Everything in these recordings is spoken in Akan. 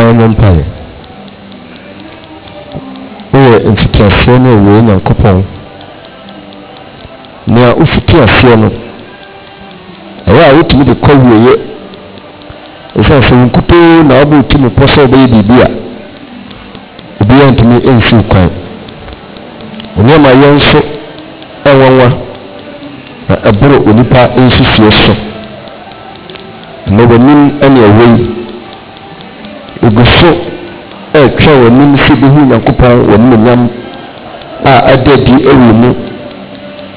ɔman no mpaeɛ woyɛ mfitiaseɛ ne owei nyankopɔn nea wofiti aseɛ no ɛyɛ a wotumi de kɔ wieɛ ɛsiane sɛ wonkutoo na wobɛ wotumi pɔ sɛ wobɛyɛ biribi a obiaa ntumi ɛnsiw kwan nneɛma yɛ nso ɛwanwa na ɛboro onipa nsusuo so na wɔnim ɛne ɛwɔ yi ɛgu so ɛretwa wɔn anim sɛ ebi hu nyankopɔn wɔn nyinam a ɛda adi ɛwɔ mu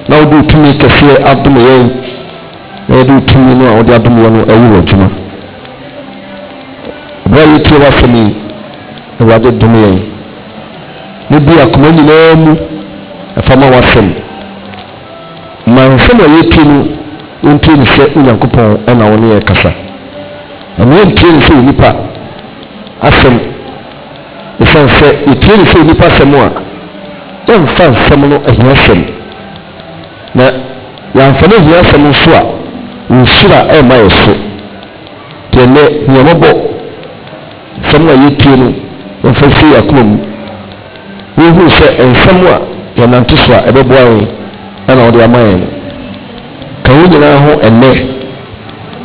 na wɔde tumi kɛseɛ adum yɛn na wɔde tumi no a wɔde adum yɛn no ɛwɔ wɔn adwuma ɛbɛrɛ yɛ tie wafɛn yi ɛwɔde dum yɛn ne bi akoma nyinaa mu ɛfama wafɛn ma nsɛm a yɛtie no wɔntie no sɛ onyankopɔn ɛna wɔn yɛ kasa ɛna yɛntie no sɛ onipa asɛm ɛsiane sɛ yɛtiri ne sɛ nnipa asɛm a yɛmfa nsɛm no ahia asɛm na yɛamfa no ahia asɛm nso a nhyira ɛma yɛ so deɛ nnɛ hiamɔbɔ nsɛm a yɛtue no yɛmfa sie yɛ akoma mu yɛhunu sɛ nsɛm a yɛnante so a ɛbɛboa yɛn ɛna wɔde ama yɛn no ka wo nyinaa ho ɛnnɛ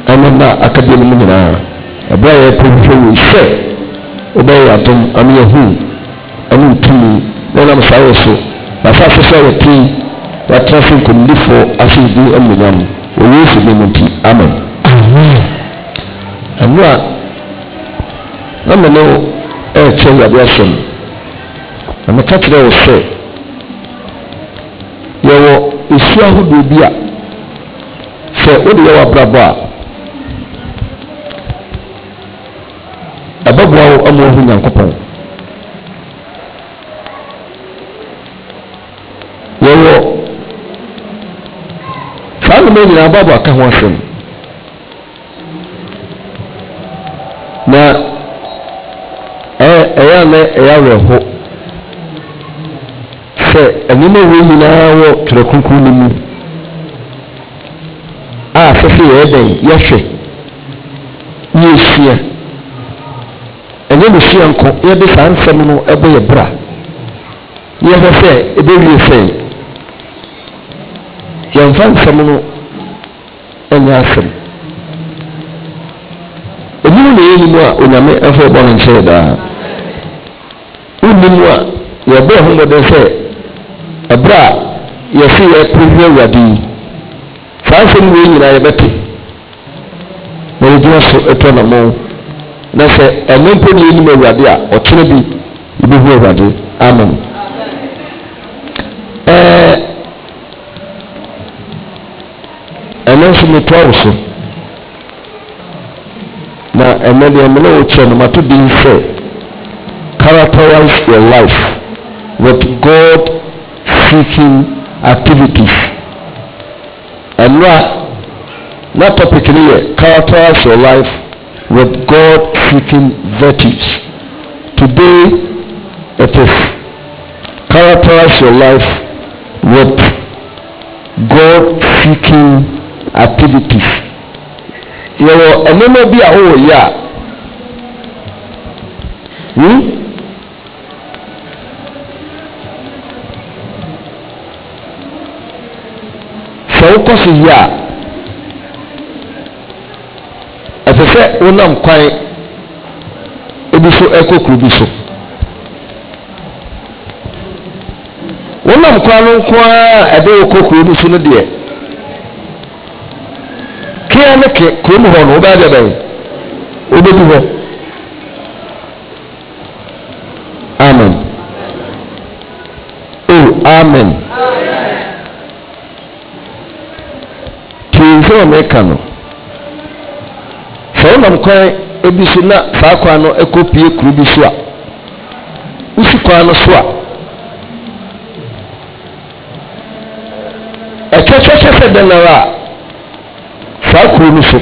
ɛne na aka bianom nyinaa ɛberɛ a yɛpɛ hwehwɛ wei sɛ wobɛyɛ adom ɔno yɛhu ɔne ntumi na nam saa yɛ so nasaase sɛ yɛte yɛatena se nkonnifoɔ ase di amunyam wɔ yesu ne mu nti amen ɛno a na me ne ɛrekyerɛ yɛade asɛm na meka kyerɛ wo sɛ yɛwɔ nsuo ahodoɔ bi a sɛ wode yɛwɔ abrabɔ a ɛbɛboa wo ama ohu nyankopɔn yɛwɔ saa nnoma nyinaa baabo aka ho asɛm na ɛyɛ ɛyɛ anɛ ɛyɛ awerɛho sɛ ɛnoma wo nyinaa wɔ twerɛ kunkun no mu a sɛ sɛ yɛyɛ dɛn yɛhwɛ yɛhyia ne fie nkɔ yɛde saa nsɛm no ɛbɔ yɛ bra yɛhwɛ sɛ ɛbɛwie sɛ yɛmfa nsɛm no ɛnyɛ asɛm ɛmu na ɛyɛ nimu a onyame ɛfa ɛbɔ no nkyɛn daa wonnimu a yɛbɛ ho bɔdɛ sɛ ɛberɛ a yɛse yɛpere hwɛ awurade yi saa asɛm wei nyinaa yɛbɛte na yɛgyina so ɛtɔ na mo na sɛ ɛno mpo ne yɛnim awurade a ɔkyerɛ bi yɛbɛhu awurade amen ɛɛ ɛno nso metoa wo so na ɛnɛ deɛ mene wo kyerɛ no mato din sɛ characterize your life with god seeking activities ɛno a na topic no yɛ characterize your life with god Seeking virtues. Today, it is characterize your life with God-seeking activities. Yẹ̀wọ̀ ẹ̀nẹ́mẹ́ bí àwọn òye à sɛ wokɔ so yie a ɛsɛ sɛ wonam kwan ebiso ɛkɔ bi so wɔnam kwan no nko ara ɛde wɔkɔ kuro bi so no deɛ kea ne ke kurom hɔ no wobɛyɛ bɛn wobɛdu hɔ amen o amen tie nsɛm a meka no sɛ wonam kwan ebi so na saa kwan no ɛkɔ pie kuro bi so a wosi kwan no so a ɛkyɛkyɛkyɛ sɛ dɛn nara a saa kuro no so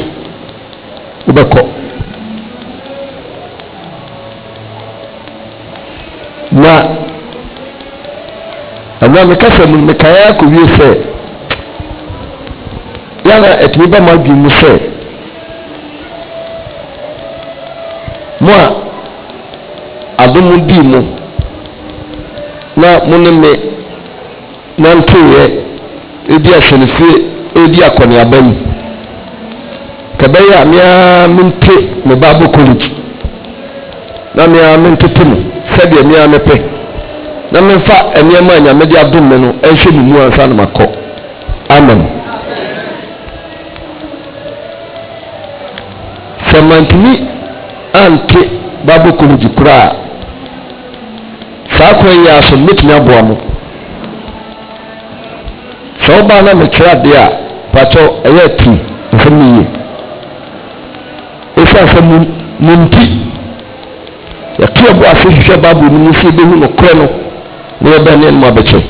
wobɛkɔ na ɛna mekasa mu mekaeɛ akɔwie sɛ yɛna ɛtumi bɛma adwene mu sɛ mu dii mu na mo ne me nantoeɛ ɛdi ahwɛnefie ɛdi akɔneaba mu kɛbɛyɛ a mea mente me ba bɔ college na mea mentete mu sɛdeɛ mea mepɛ na memfa nneɛma a nyame de adom me no ɛnhyɛ me mu ansa na makɔ amen sɛ mantumi ante bible college koraa saa kwan yi a so aboa mo sɛ wobaa na mekyerɛ adeɛ a patɔ ɛyɛ ti nsɛm no yie ɛsiane sɛ mo nti yɛto ɛbɔ ase hwehwɛ bible no mu sɛ yɛbɛhu nokorɛ no na yɛbɛne ɛnom abɛkyɛ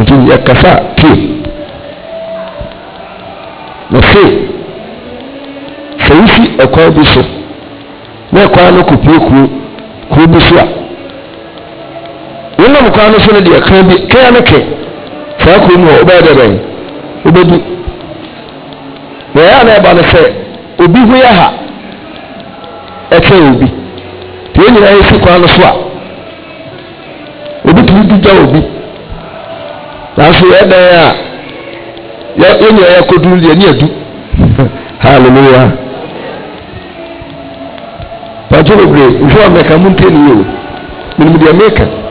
nti yɛkasa tie na se sɛ wosi ɛkwan bi so na ɛkwan no kɔpue kuo kuo bi so a wonam kwan no so no deɛ kan bi kan ne ke saa kuro mu hɔ wobɛyɛ dɛ bɛn wobɛdu na ɛyɛ a na no sɛ obi ho yɛ ha ɛkyɛ obi nti nyinaa yɛsi kwan no so a obi tumi di obi nanso yɛ dan a yɛ yɛn nyinaa yɛ kɔduru deɛ ne adu hallelujah pàtó bebree nhwɛ ɔmɛka mu ntɛ ni yɛ o minimu deɛ mɛka.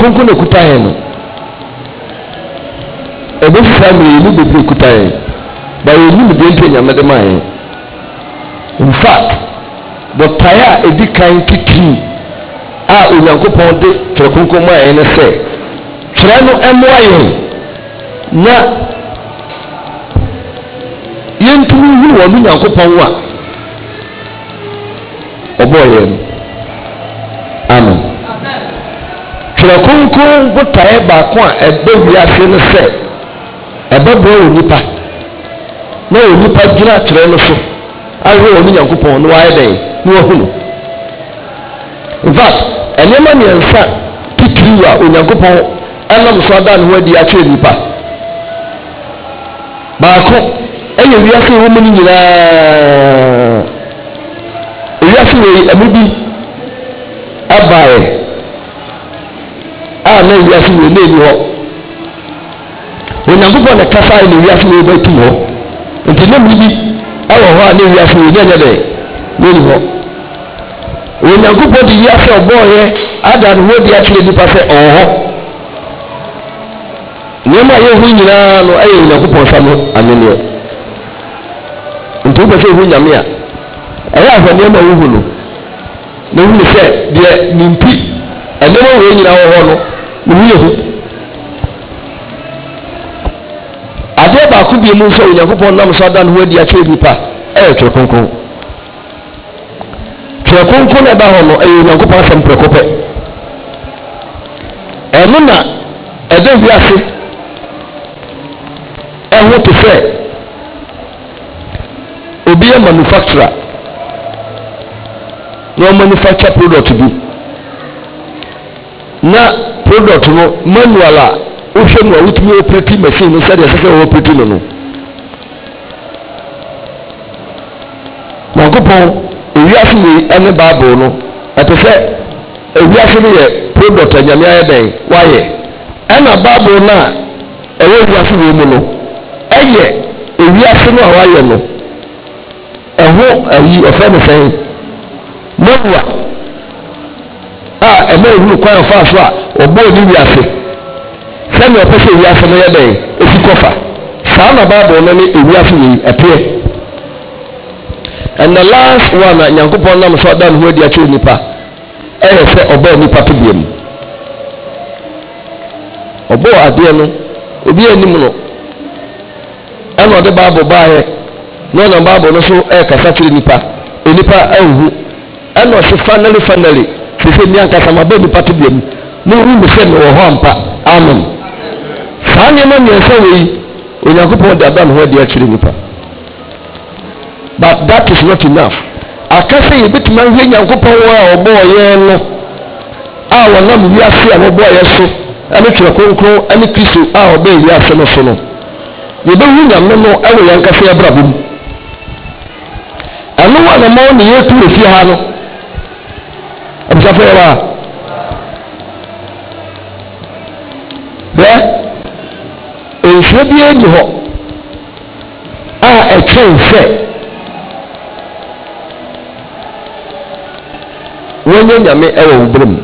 kónkó na kuta yẹn no ẹbẹ fisa mi yẹn mu bebree kuta yẹn ba yẹn mu deɛ nti nyame de ma yẹn in fact bɔtaeɛ a edi kan titiri a onyankopɔn de twerɛ kónkó ma yɛn no sɛ twerɛ no ɛmoa yɛn na yɛntumi hu wɔn onyankopɔn a ɔbɔɔ yɛn no. twerɛ kronkron botaeɛ baako a ɛbɛ wiase no sɛ ɛbɛboa wɔ nipa na wɔ nipa gyina twerɛ no so ahwɛ wɔ ne nyankopɔn na wayɛ dɛn na wahunu infact ɛnneɛma mmiɛnsa titiriw a onyankopɔn ɛnam so ada ne ho adi akyerɛ nipa baako ɛyɛ wiase wɔ mu no nyinaa wiase wɔ yi ɛmu bi abaeɛ a na ewiase wei ni eni hɔ onyankopɔn na kasa na ewiase wei ba tum hɔ nti ne mu bi ɛwɔ hɔ a na ewiase wei na ɛnyɛ dɛ na eni hɔ onyankopɔn de wiase ɔbɔɔyɛ ada ne ho de akyerɛ nipa sɛ ɔwɔ hɔ nneɛma a yɛhu nyinaa no ɛyɛ onyankopɔn nsa no anenneɛ nti wopɛ sɛ ɛhu nyame a ɛyɛ ahwɛ nneɛma wohu no na hu sɛ deɛ ne mpi ɛnneɛma wei nyinaa wɔ hɔ no nemyɛhu adeɛ baako bie mu nso onyankopɔn nam so ada e, ne ho adi akyerɛ nipa ɛyɛ twerɛ kronkron twerɛ kronkron na ɛba hɔ no ɛyɛ e, onyankopɔn asɛm prɛko pɛ e, ɛno na ɛda wiase ɛho te sɛ obi yɛ manufacturer na ɔmanufacture product bi na product no manual a wohwɛ mu a wotumi operate machine no sɛdeɛ ɛsɛ sɛ wɔoperate no no nyankopɔn ewiase wei ɛne bible no ɛte sɛ ewiase no yɛ product a nyame ayɛ dɛn wayɛ ɛna bible no a ɛwɔ ewiase wei mu no ɛyɛ ewiase no a wayɛ no ɛho ayi ɔfɛ no sɛn manual a ɛma ehunu kwan fa so a ɔbɔ ɔni wiase sɛni ɔpɛ sɛ wiase no yɛ dɛn esi kɔfa saa na baabul no ne ewiase yi ɛteɛ and the last one a nyankopɔn nam so ɔda ne ho adi akyerɛ nipa ɛyɛ sɛ ɔbɔ nipa to bia mu ɔbɔ adeɛ no obi anim no ɛna ɔde baabul baayɛ na ɔnam baabul no so ɛrekasa kyerɛ nipa onipa ahuhu ɛna ɔsi finally finally, sisi ni ankasa ma bɔ nipa to bia ne wu mi sɛ mewɔ hɔ ampa amen saa nneɛma mmiɛnsa wei onyankopɔn de aba ne ho adi akyerɛ nnipa but that is not enough aka sɛ yɛbɛtumi ahwɛ nyankopɔn wɔ a ɔbɔɔ yɛn no a wɔnam wiase a wɔbɔɔ yɛ so ne twerɛ kronkron ne kristo a ɔbɛɛ wiase no so no yɛbɛhu nyame no wɔ yɛn nkasa yɛbrabɔ mu ɛno wɔ anamaw ne yɛtu wɔ fie ha no abisafo yɛ wɔ hwɛ nhwɛ bi egu hɔ a ɛkyɛn sɛ wɔnyɛ nyame ɛwɔ wo bere mu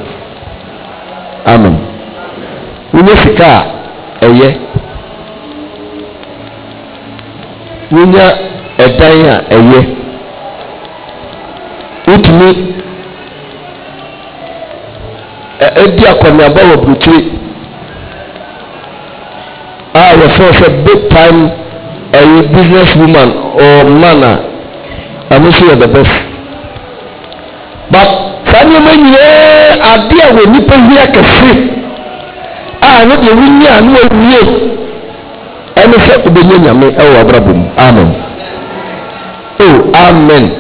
amen wonyɛ sika a ɛyɛ wonya ɛdan a ɛyɛ wotumi ɛdi akɔneaba wɔ burukyire kyerɛfoɔ sɛ big time ɛyɛ business woman or man a ɛno nso yɛ the best but saa nneɛma nyinaa adeɛ a wɔ nipa yi akɛse a ɛno deɛ wonya a no awie ɛne sɛ wobɛnya nyame ɛwɔ abrabɔ mu amen Oh, amen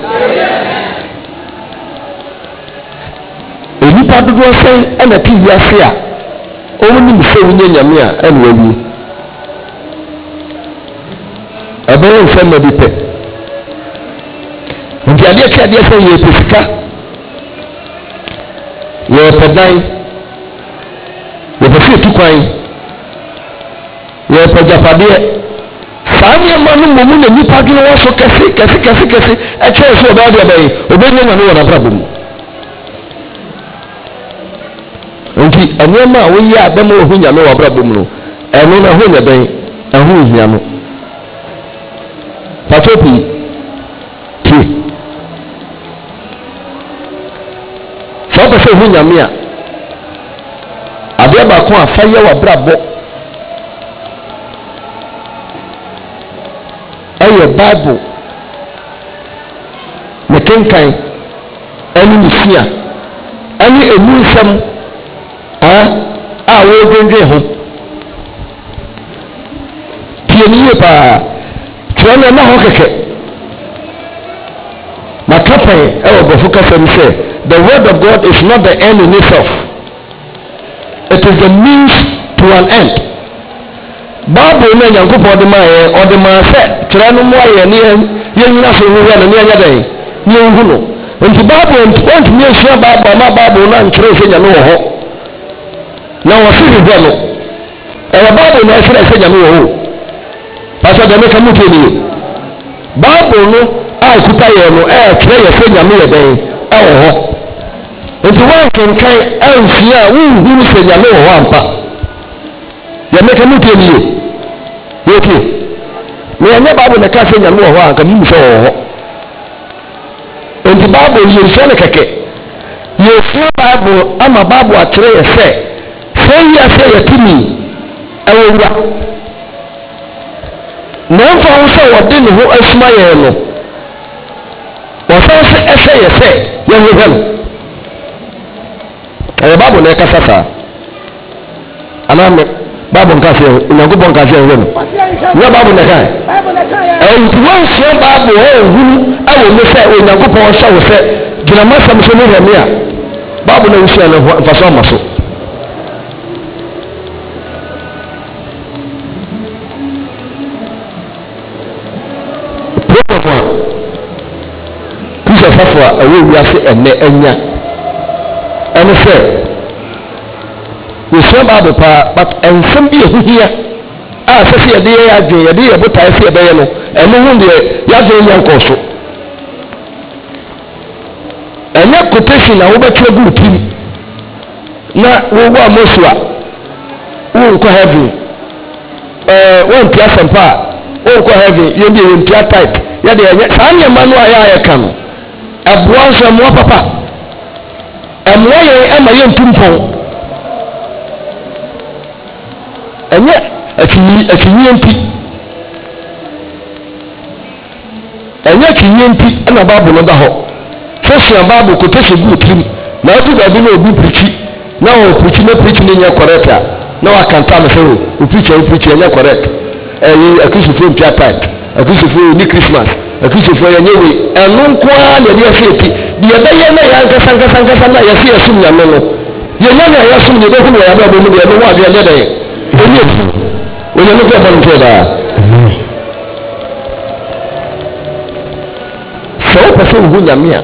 onipa dodoɔ sɛn ɛna ti wiase a wɔn nim sɛ wonya nyame a ɛna awie ɛbɛyɛ nfɛma bi pɛ nti adeɛ ti adeɛ sɛ yɛpɛ sika yɛpɛ dan yɛpɛ sɛ etu kwan yɛpɛ gyapadeɛ saa nneɛma no mu mu na nipa dwene wɔ so kɛse kɛse kɛse kɛse ɛkyerɛ sɛ ɔbɛyɛ deɛ bɛyɛ ɔbɛnya ma no wɔ n'abrabɔ mu nti nneɛma a wɔyɛ a bɛma wɔho nyame wɔ abrabɔ mu no ɛno na ho nyɛ bɛn ɛho nhia no Pachopi tie sɛ wopɛ sɛ ɛhu nyame a adeɛ baako a fa yɛ w'abrabɔ ɛyɛ bible ne kenkan ɛne nusua ɛne ɛmu nsɛm a wɔredwendwen ho tie ne yie paa kyerɛ no ɛma hɔ kɛkɛ maka pɛn ɛwɔ bɔfo kasa mu sɛ the word of god is not the end in itself it is the means to an end bible no nyankopɔn de maa yɛ ɔde maa sɛ kyerɛ no mu ayɛ ne yɛnyina so nwura no ne yɛnyɛ dɛn ne yɛnhu no nti bible ntumi esua bible ama bible no ankyerɛ sɛ nyame wɔ hɔ na wɔsi hwehwɛ no ɛwɔ bible na ɛkyerɛ sɛ nyame wɔ hɔ o pàṣẹ dɛm ka mu tɛ nie baabul no a ɛkuta yɛn no ɛɛtwerɛ yɛ sɛ nyame yɛ dɛn ɛwɔ hɔ nti wɔnkenkan ɛnfie a wonhuru sɛ nyame wɔ hɔ ampa dɛm ka mu tɛ nie yɛtie na yɛnyɛ baabul na ka sɛ nyame wɔ hɔ anka mu sɛ wɔ hɔ nti baabul yɛ nsuo ne kɛkɛ yɛfua baabul ama baabul akyerɛ yɛ sɛ sɛ yia sɛ yɛtumi ɛwɔ wura mɛmfa ho sɛ wɔde ne ho asuma yɛn no wɔsan se ɛsɛ yɛ sɛ yɛhwehwɛ no ɛyɛ baabo na ɛkasa saa anaa me baabo nkaseɛ ho onyankopɔn nkaseɛ ho no nyɛ baabo na ɛkae ɛnti wɔnsua baabo a ɛhunu ɛwɔ mu sɛ onyankopɔn hyɛ wo sɛ gyinamasɛm so ne hwɛ me a baabo na wosua no mfa so ama so asafo a ɛwɔ wiase ɛnɛ ɛnya ɛne sɛ yɛsua baabu paa but nsɛm bi yɛ ho hia a sɛ yɛde yɛ adwen yɛde yɛ botae sɛ yɛbɛyɛ no ɛno ho deɛ yɛadwen nyɛ nkɔ so ɛnyɛ quotation a wobɛtwerɛ gu tim na wowɔ a mosu a wonkɔ heaven ɛɛ wontia sɛmpa a wonkɔ heaven yɛn deɛ yɛntia type yɛde yɛnyɛ saa nneɛma no a yɛayɛ ka no ɛboa nso ɛmoa papa ɛmoa yɛn ɛma yɛn ntum pɔn ɛnyɛ akyinyie akyinyie nti ɛnyɛ akyinyie nti ɛna baabu no da hɔ sɛsia baabu kote se gu tirim na ɛtu baabi na obi pirikyi na wɔn pirikyi na pirikyi ne nyɛ kɔrɛt a na wakanta ne sɛ o opirikyi a opirikyi ɛnyɛ kɔrɛt ɛyɛ akusufo ntua taat akusufo ni krismas. akristofoɔ yɛnyɛ wei ɛno nko ara na yɛde ɛsɛ ti deɛ ɛbɛyɛ na yɛ yɛsom nyame no yɛnya na yɛsom ne yɛbɛhu na yɛabɛ mu deɛ ɛbɛwɔ adeɛ dɛdɛ ɛnyɛ ti onyame kɔ ɛbɔ no daa sɛ wopɛ sɛ wohu nyame a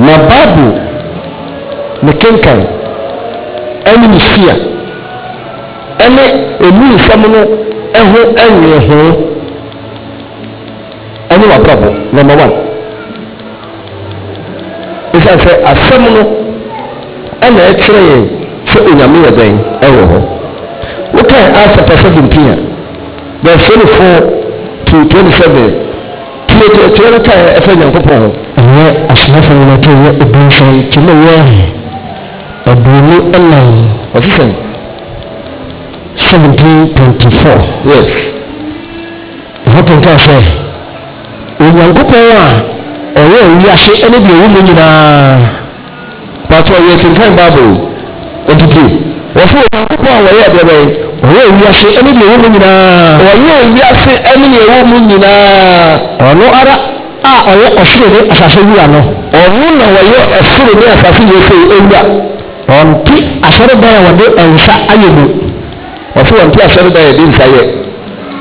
na bible ne kenkan ɛne ne sia ɛne emu nsɛm no ɛho ɛnwe ho ɛne wabrabɔ number one esan sɛ asɛm no ɛna ɛkyerɛ yɛn sɛ onyame yɛ dɛn ɛwɔ hɔ wokan asa pɛ seventeen a verse twenty four to twenty seven tue tue tue no kan ɛfɛ nyankopɔn ho. ɛyɛ asomafo no na to yɛ ebi nson kyerɛ yɛ aduonu ɛnan. ɔsisan seventeen twenty four. yes. ìfọ̀tẹ̀ntẹ̀ ọ̀sẹ̀ ònyankopɔn a ɔyɛ owiase ɛne deɛ ɛwɔ mu nyinaa. pàtó ɔyɛ kankan bible ɛdidi wɔfɔ onyankopɔn a wɔyɛ ɛdɛbɛ ɔyɛ owiase ɛne deɛ ɛwɔ mu nyinaa. ɔyɛ owiase ɛne deɛ ɛwɔ mu nyinaa. ɔno ara a ɔyɛ ɔsoro ne asase wura no. ɔno na ɔyɛ ɔsoro ne asase yɛ fɛ ewura. ɔnti asɔredan a wɔde nsa ayɛ mu ɔsɛ wɔn ti asɔre da yɛ de nsa yɛ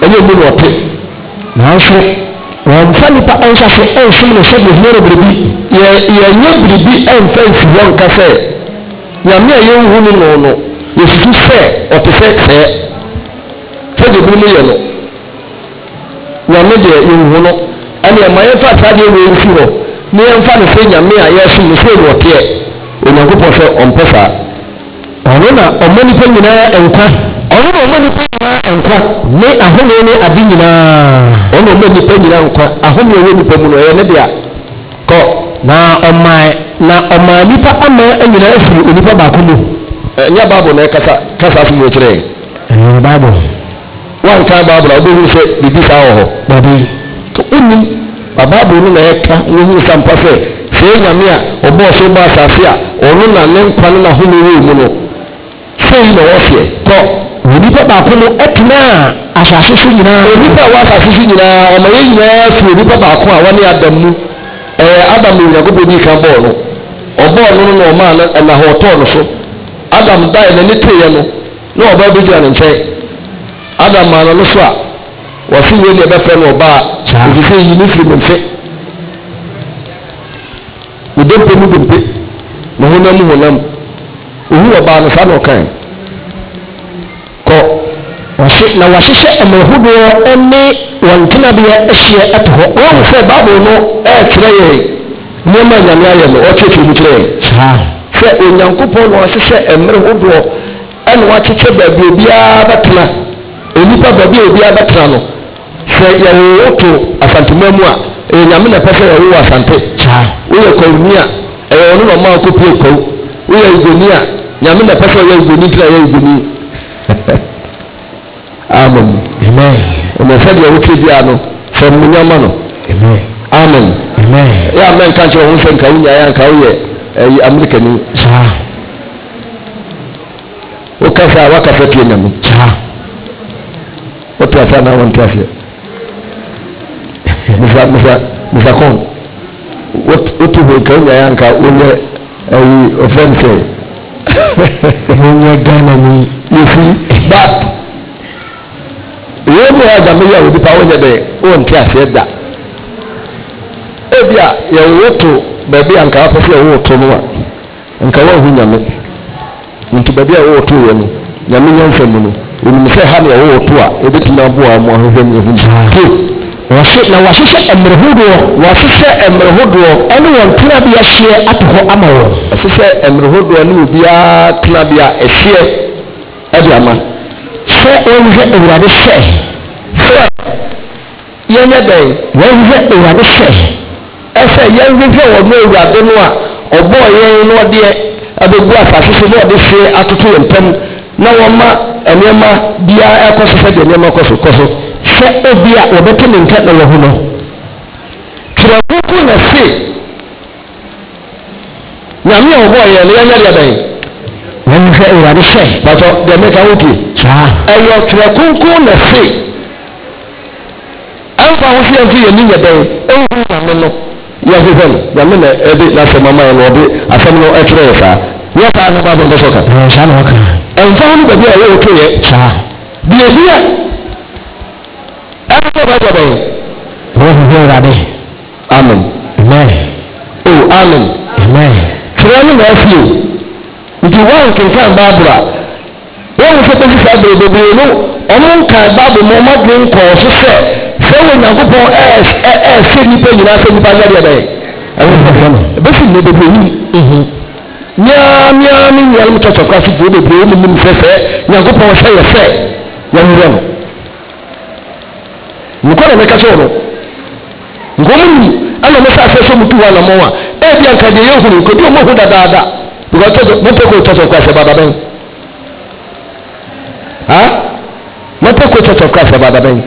ɛnyɛ mu na ɔte nanso wɔn nfa nipa ɛnhyase ɛnsom no sɛ biribi biribi yɛ yɛnyɛ biribi ɛnfa nsi hɔ nka sɛ nyame a yɛnhu no no no yɛsusu sɛ ɔte sɛ sɛɛ sɛdeɛ bi mu yɛ no nyame deɛ yɛnhu no ɛne ɛma yɛmfa saa deɛ wɔ nsi hɔ ne yɛmfa no sɛ nyame a yɛsom no sɛ ɔteɛ onyankopɔn sɛ ɔmpɛ saa ɔno na ɔmo nipa nyinaa nkwa ɔno na ɔma nipa nyinaa nkwa ne ahome ne ade nyinaa ɔno na ɔma nipa nyinaa nkwa ahome ɛwɔ nipa mu no ɛyɛ ne dea kɔ na ɔmaa na ɔmaa nipa ama nyinaa afiri onipa baako mu ɛnyɛ baabo na ɛkasa kasa ɛkyerɛ eh, wanka a sɛ saa wɔ hɔ baabi na ɛka sɛ sɛ nyame a asase a ɔno na ne nkwa no na onífẹ́ baako no ɛtena asase so nyinaa. onífẹ́ wɔ asase so nyinaa ɔmɔ yɛ nyinaa fi onífẹ́ baako a wɔne adam mu ɛɛ adam onyankopɔn di kan bɔɔ no ɔbɔɔ no na ɔmaa no ɛna hɔ ɔtɔɔ no so adam dae n'ani tee yɛ no na ɔbaa bi gyina ne nkyɛn adam maa no no so a wɔfi wei na ɛbɛfrɛ no ɔbaa efisɛ yi ne firi mu mfe ne dompe mu dompe ne honam honam ohu ɔbaa no saa na ɔkan kɔ wɔhye na wɔahyehyɛ mmarahodoɔ ne wɔn tenabeɛ ahyia ato hɔ wɔn sɛ baabul no ɛrekyerɛ yɛn nneɛma nyame ayɛ no ɔkyerɛkyerɛ mu kyerɛ yɛn sɛ onyankopɔn na wɔahyehyɛ mmerɛ hodoɔ ɛna wɔakyekyɛ baabi obiara bɛtena onipa baabi a obiara bɛtena no sɛ yɛwowo to asantema mu a ɛyɛ nyame na ɛpɛ sɛ yɛwowɔ asante woyɛ kwawni a ɛyɛ ɔno na ɔma wokɔpue kwaw woyɛ agoni a nyame na ɛpɛ sɛ ɔyɛ agoni ntina ɛyɛ agoni amen Amen. ɛnɛsɛ deɛ wotwe bia no fam nyama no amen Amen. yɛ a mɛnka kyerɛ wo sɛ nka wonyaeɛ anka woyɛ ɛyi amerikani woka sɛ a woaka sɛ tie nyame wote asɛ anaa wonte aseɛ musa musa musa kɔn wote hɔ nka wonyaeɛ anka wonyɛ ɛyi ɔfɛn sɛ mo yẹ gánà ni mo fi but ìwé mi wá dàmé yà wò nípa wọnyẹ dẹ wọn ntí àfẹ da ebi a yẹ wò tó bẹẹbi a nkà apẹsẹ yẹ wò tó mu a nkà wọn hu nyame nti bẹẹbi a wò tó yẹ no nyame yẹn fẹ mu no onim sẹ ha ni yẹ wò tó a ebi tuma bu a mo mi ehu nti na wahyehyɛ mmerɛ hodoɔ wahyehyɛ mmerɛ hodoɔ ɛne wɔn tenabea hyeɛ ato hɔ ama wɔn wahyehyɛ mmerɛ hodoɔ ne obiara tenabea ɛhyeɛ ɛde ama sɛ wɔnhwɛ awurade sɛ sɛ yɛnyɛ dɛn wɔnhwɛ awurade sɛ ɛsɛ yɛnhwehwɛ wɔn no awurade no a ɔbɔɔ yɛn na ɔdeɛ abɛgu asase so na ɔde hyeɛ atoto yɛn pɛm na wɔma nneɛma biara ɛkɔ so sɛdeɛ nneɛma kɔ so kɔ so hwɛ obi a wɔbɛto ne ntɛnɛ wɔ ho no twerɛkoko na se nyame a wɔbɔ yɛ no yɛnyɛ deɛ bɛn wɔnhwɛ awurade hwɛ bàtɔ uh, deɛ mɛka wo die saa ɛyɛ twerɛkoko na se ɛmfa ho hwɛ mfi yɛ ni nyɛ bɛn ɛnhu nyame no yɛhwehwɛ no nyame na ɛde n'asɛm ama yɛ no ɔde asɛm no ɛtwerɛ yɛ saa nyɛ saa no ba bɔ nkɔsɔ ka ɛmfa ho no baabi a ɛyɛ wɔto yɛ saa deɛ bi a tó bá jọ̀bẹ̀ yìí. wọ́n fi fẹ́ ra dẹ́. amen. amen. o amen. amen. tìrẹ́ ní màá fi o nti wọ́n nkenkan báàbùrà wọ́n nso pé sísá bèrè bèrè no ọmọ nkan báàbù mu ọmọ gbé nkọ̀ọ́ so sẹ́ sẹ́ wọ́n nyankopọ̀ ẹ̀ ẹ̀ ẹ̀ ṣe nípa nyinaa ṣe nípa yẹ́ díẹ̀ bẹ́ẹ̀ ẹ̀wọ́n fẹ́ fẹ́ no ebesi ní bèbè yìí nyinaa nyinaa ní nyinaa ní tọ́tọ̀ kọ́ àti bèrè bèrè ní mímu fẹ́fẹ́ nyankopọ̀ ọ̀ṣẹ́ yẹ fẹ́ yẹ wúrẹ́ wọn nokorɛ mɛka kyɛw no nkɔmuni ɛna mɛ sɛ asɛ sɛ mutu wa e, na mɔwa ɛbi anka deɛ yɛ hunu nkɔbi ɔmɔ hu dadaada mɛpɛ kɔ church of christ ɛba dabɛn ha mɛpɛ kɔ church of christ ɛba dabɛn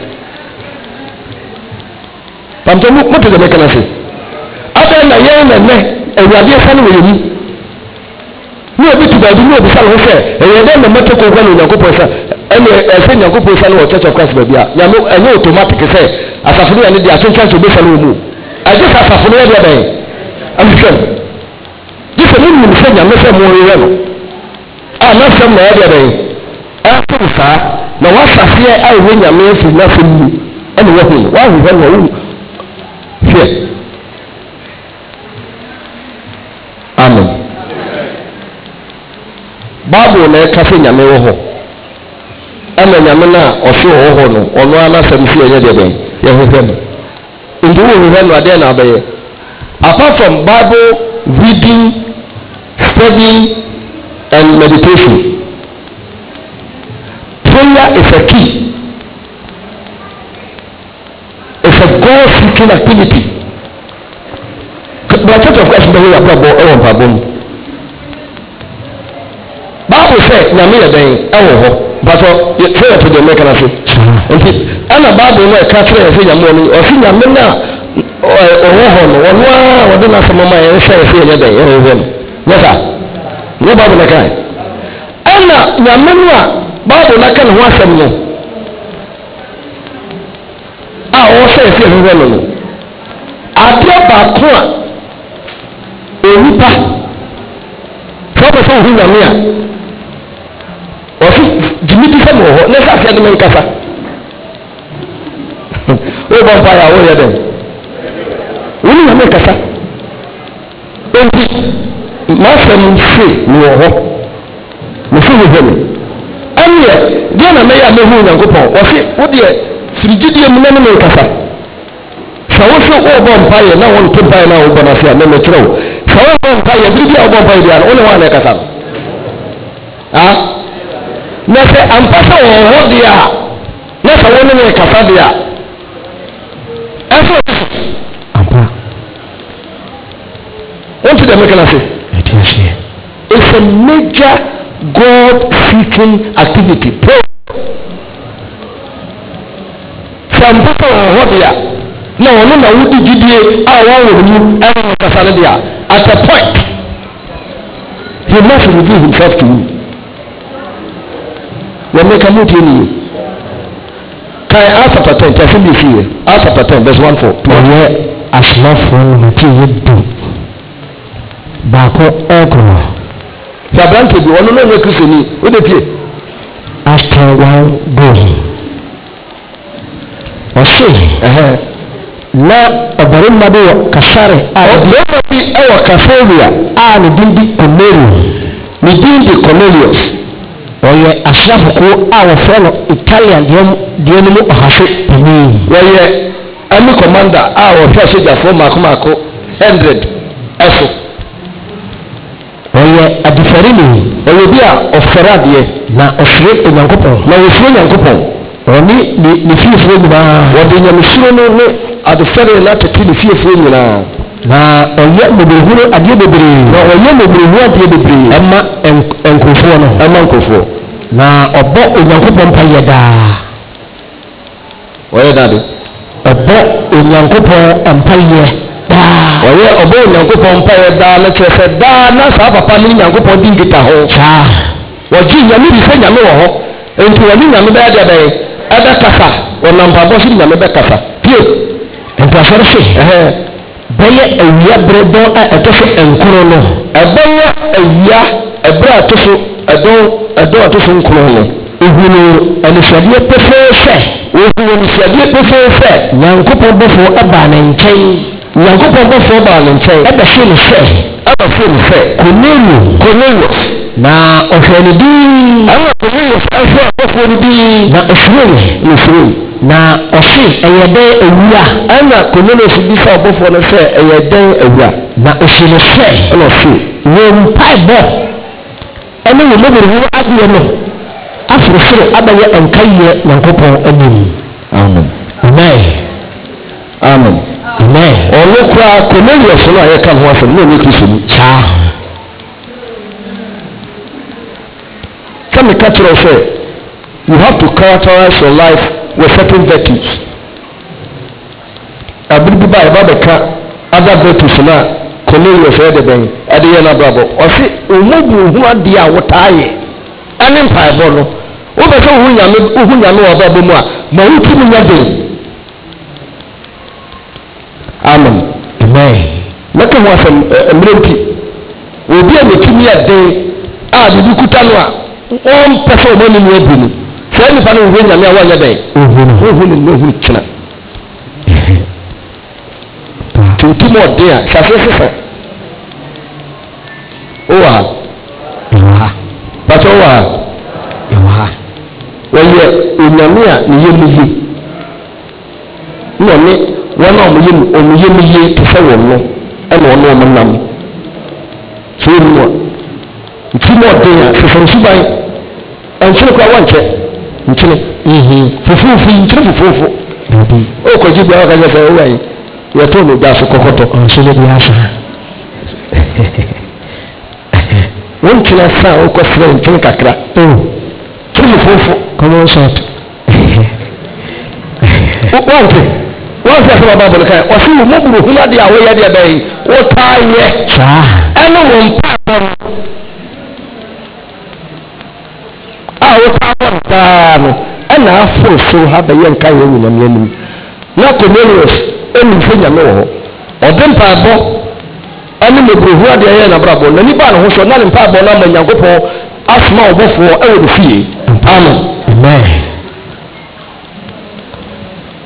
pamtɛ mo tɛ dɛmɛ kana se adɛn na yɛn na nɛ awurade ɛsɛ no wɔ yɛ mu ne obi tu baabi ne obi sa ne ho hwɛ ɛyɛ dɛ na mɛtɛ kɔnkɔ ne onyankopɔn sa ɛne ɛsɛ nyankopɔn sa ne wɔ church of christ baabi a nyame ɛnyɛ automatic sɛ asafo no yɛ ne deɛ akyenkyen sɛ obɛsa ne wɔ mu agye sɛ asafo no yɛ deɛ bɛn ahwehwɛ no gye sɛ monim sɛ nyame sɛ moyerɛ no a na sɛm na ɛyɛ deɛ bɛn ɛsom saa na wasaseɛ a ɛwɔ nyame afiri n'asɛm mu ɛne wɔhu no woahwehwɛ no wɔwu hwɛ amen bible na ɛka nyame wɔ hɔ ɛna nyame no a wɔ hɔ no ɔno ara n'asɛm fi ɛnyɛ deɛ bɛn yɛhwehwɛ no nti wohwehwɛ no adeɛ na abɛyɛ apart from bible reading studying and meditation prayer is a key it's a goal seeking activity the church of christ bɛ yɛ yɛ abɔ ɛwɔ mpaboa mu awo sɛ nyame yɛ dɛn ɛwɔ hɔ bàtɔ fɛn uh, yɛ pɛdɛ mɛ kana so nti ɛna baabu no ɛka kyerɛ yɛsɛ nyame wɔ no ɔsi nyame na ɔwɔ hɔ no ɔno ara wɔde n'asɛm ma yɛn sɛ yɛsɛ yɛ dɛn ɛwɔ hɔ no nyɛsa nyɛ baabu na kan ɛna nyame no baabu na ka ne ho asɛm no a ɔwɔ sɛ yɛsɛ yɛ hɔ no no adeɛ baako a onipa sɛ ɔpɛ o ɔhu nyame a ɔsi jimi ti fɛn mu wɔ hɔ ne sa seɛ ne mi nkasa o bɔ mpa ya o yɛ dɛ wuli na mi nkasa eti maa fɛ mi nse mi wɔ hɔ mi fi mi hɛ ɛnìyɛ diɛ na mɛ yɛ a mɛ hu nyanko pɔn ɔsi o deɛ firigidie mu nane mi nkasa sɛ wosi o bɔ mpa yɛ na wɔn to ba yɛ na o bɔ na se a mɛ mɛ kyerɛ o o bɔ mpa yɛ biribi a o bɔ mpa yɛ bi a o ne wa na ɛkasa no aa na sɛ ampa sɛ wɔn ho deɛ a na sɛ wɔn ne kasa deɛ a ɛsɛ wɔn sɛ ampa wɔn ti dɛm kala se it's a major god seeking activity pray sɛ ampa sɛ wɔn ho deɛ na wɔn na wodi gyidie a wɔn wɔ mu ɛwɔ kasa no deɛ at a point he must reveal himself to you wɔmmɛka motie nie kae asa patan kyɛse bi fie asa patan verse one four. wɔyɛ asomafoɔ no ti yɛ du baako ɛkorɔ. sɛ aberante bi ɔno na ɔnyɛ kristoni wode pie. after one goal ɔse na ɔbarima bi wɔ kasare a ɔbarima bi wɔ kasaria a ne din di cornelius ne din di cornelius wɔyɛ asrafokoo a wɔfrɛ no italian deɛ no mu ɔhahwe panin wɔyɛ army commander a wɔhwɛ sogyafoɔ maakomaako 100 ɛso wɔyɛ adifɛrini wɔyɛ bi a ɔfɛre adeɛ na ɔhwere onyankopɔn na wɔhwere onyankopɔn wɔne ne ne fiefoɔ nyinaa wɔde nyamesuro no ne adifɛre na atete ne fiefoɔ nyinaa na ɔyɛ mmɔborɔhunu adeɛ bebree na ɔyɛ mmɔborɔhunu adeɛ bebree ɛma nkurɔfoɔ no ɛma nkurɔfoɔ na ɔbɔ onyankopɔn mpa yɛ daa wɔyɛ dade ɔbɔ onyankopɔn mpa yɛ daa wɔyɛ ɔbɔ onyankopɔn mpa yɛ daa no kyerɛ sɛ daa na saa papa ne nyankopɔn di nkita ho saa wɔgye nyame bi sɛ nyame wɔ hɔ nti wɔne nyame bɛyɛ deɛ bɛyɛ ɛbɛkasa wɔnam mpabɔ so nyame bɛkasa pie nti asɔre hwe bɛyɛ awia berɛ dɔn a ɛtɔ so nkoro no ɛbɛyɛ awia ɛberɛ a ɛtɔ so ɛdɔn ɛdɔn ɔtɔ so nkron no ehunu ɛnusuadeɛ pɛfɛɛfɛ ehunu ɛnusuadeɛ pɛfɛɛfɛ nyankopɔn bɔfo ɛba ne nkyɛn nyankopɔn bɔfo ɛba ne nkyɛn ɛbɛ fi ne fɛ ɛbɛ fi ne fɛ konelu konelu na ɔhwɛ ne dii ɛna konelu ɛhwɛ bɔfo ne dii na ofuro ne na ofuro ne na ɔsi ɛyɛ dɛ ewura ɛna konelu si bi sɛ ɔbɔfo ne sɛ ɛyɛ dɛ ewura na osi ne sɛ ɛna osi wɔn mpaebɔ ɛne yɛ lɛbɛrɛ mu adeɛ no aforoforo abɛyɛ nkaeɛ nyankopɔn anim amen amen amen Amen. ɔno koraa cornelius no a yɛka ho afɛm na ɔnyɛ kristo mu saa sɛ meka kyerɛ sɛ you have to characterize your life with certain virtues abiribi ba a yɛba bɛka other virtues no a tɛmɛ yɛ fɛ de bɛn ɛde yɛ na brabɔ ɔsi ɔmo bu ohu adeɛ a wɔtaa yɛ ɛne mpaebɔ no wobɛ sɛ ohu nyame ohu nyame wɔ ɔbɛbɔ mu a ma wotu mu nya den amen amen mɛka ho asɛm mmerɛ nti obi a metumi yɛ den a biribi kuta no a wɔmpɛ sɛ ɔmɔ ne mu abu mu saa nipa no ohu nyame a wɔnyɛ dɛn ohu ne mu ohu kyena tuntum ɔden a hyɛ sisan owa yawaha pato owa yawaha wɔyɛ onyame a ne yɛ mu yie nyame wɔn a wɔyɛ mu wɔn yɛ mu yie te sɛ wɔn no ɛna wɔn a wɔn nam so wɔn mu a nti mu ɔden a fufuo nsuban nkyene koraa wɔnkyɛ nkyene fufuufu nkyene fufuufu ɔkɔgye bi a ɔka kyerɛ sɛ ɔwɔ yi a no gya so kɔkɔtɔ ɔnhyɛ ne bi asa wontwena sa a wokɔserɛ wo ntwene kakra twene fofo common shot wante wansi asɛm a bible kae ɔse wo mɔburu hunu adeɛ a woyɛ deɛ bɛyi wotaa yɛ ɛne wo mpaabɔ no a wotaa bɔ daa no ɛna aforo so ha bɛyɛ nka yɛ nyinam anim na cornelius ɛnim sɛ nyame wɔ hɔ ɔde mpaabɔ ɛne mmɔborɔhu adeɛ yɛ n'abrabɔ na nipa ne ho hwɛ na ne mpaabɔ no ama nyankopɔn asoma ɔbɔfoɔ ɛwɔ ne fie amen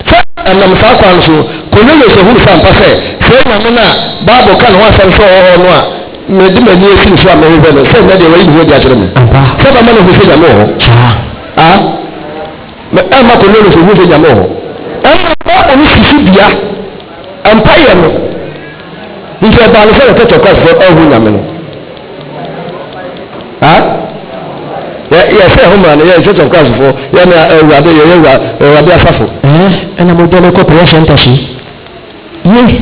sɛ ɛnam saa kwan so cornelius ahunu sa mpa sɛ sɛ nyame no a bible ka ne ho asɛm sɛ ɔwɔ no a mede m'ani asi so a mehwehwɛ no sɛ nnɛ deɛ wayi ne adi akyerɛ me sɛ bɛma ne ho sɛ nyame wɔ hɔ ɛma cornelius ahunu sɛ nyame wɔ hɔ ɛma bible no sisi bia ɛmpa yɛ no nti ɛba no sɛ ne tɛtɛ kɔ asefo ɔhu nyame no a yɛsɛ ɛho mmara no yɛ church of christ fo yɛne awurade yɛyɛ awurade asafo ɛna modɛ no kɔ prayer center so ye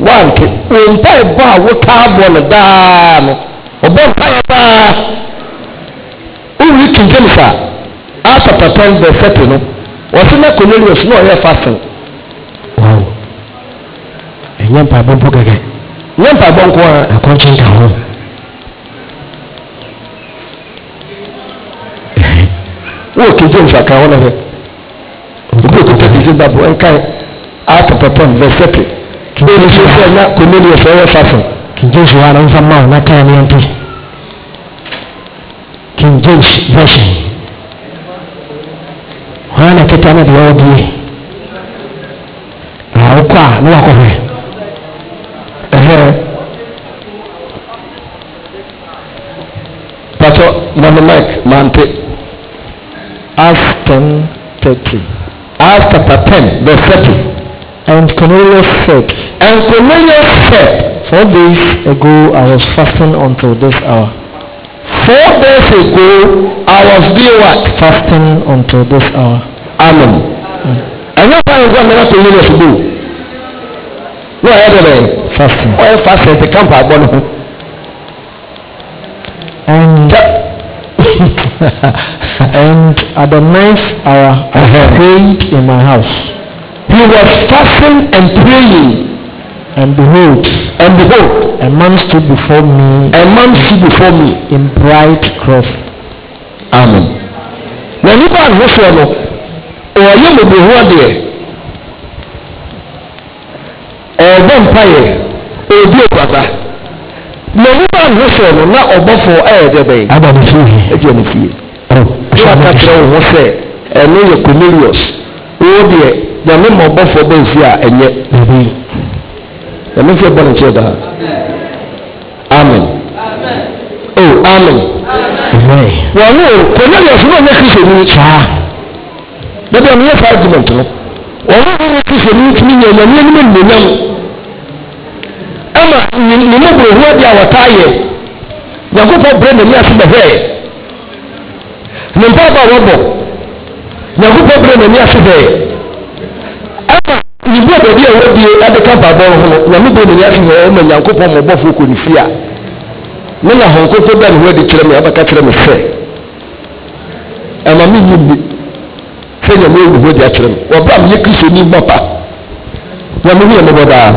wanke wompa ɛbɔ a wotaa bɔ no daa no ɔbɔ mpaeɛ paa wowuri kintam saa apapa 10 verse 30 no wɔsi na cornelius na ɔyɛ fasting. wow ɛnyɛ mpaabɔ mpo kɛkɛ. nyɛ mpaabɔ nko ara. akɔnkye nka ho. wọ́n kejì nfàkà wọn lọ fẹ́ obi okuta bi si babu nka ato pɛpɛ vɛsɛpi ebi so sɛ na cornelius ɔyɛ fasting. king james wa ara nfa ma ọ n'aka ya ni ẹ n version wọn na kete ne deɛ ɔbue na wokɔ a ne wakɔhwɛ ɛhɛ patɔ mami mike mante as ten thirty as chapter ten verse thirty and Cornelius said and Cornelius said four days ago I was fasting until this hour. Four days ago, I was doing what? Fasting until this hour. Amen. Ẹ̀yọ́ fún àwọn ọ̀gbọ́n mi láti orí rẹ̀ ṣubú. Ní ọ̀yẹ́ bẹ̀rẹ̀ fasting. Ọ̀yẹ́ fasting ti kámpa àgbọ̀n nìkan. And and at the ninth hour, I uh-huh. prayed in my house. He was fasting and praying. And behold, And behold, a man stood before me. A man stood before me in bright cloth. Amen. Na nipa ahosuo no, ɔyɛ mɔbɔhoɔ deɛ, ɔbɔ mpaeɛ, ɔdi ɔkwasa. Na nipa ahosuo no na ɔbɔfo ɛyɛ dɛ bɛyɛ. Aba ne fie. Ɛdi ɔne fie. Ɔ ɔka kyerɛ wo ho sɛ ɛno yɛ Cornelius. Wo deɛ, nyame ma ɔbɔfo bɛnsi a ɛnyɛ nyame mfe bɔ ne nkyɛn daa amen o amen wɔn o cornelius náà nyɛ kristoni saa bɛbi ɔno yɛ fa argument no wɔn o nyɛ kristoni tumi nyɛ nyame anim nnuonyam ɛma ne ne mu buro huwa deɛ a wɔtaa yɛ nyankopɔn bere n'ani ase bɛhwɛɛ ne mpaaba a wɔbɔ nyankopɔn bere n'ani ase bɛɛ yìí bíi baabi a wɔdie ɛde ka baabɔ ho no nyame bɔ nani ahwɛ hɔ ma nyankopɔn ma ɔbɔfoɔ kɔ ne fie a ne nya hɔnkoko da ne ho adi kyerɛ me abɛka kyerɛ me sɛ ɛma menyi bi sɛ nyame ɔdi ho adi akyerɛ me wɔbrɛ meyɛ kristoni bɔ pa nyame hu yɛ mebɔ daa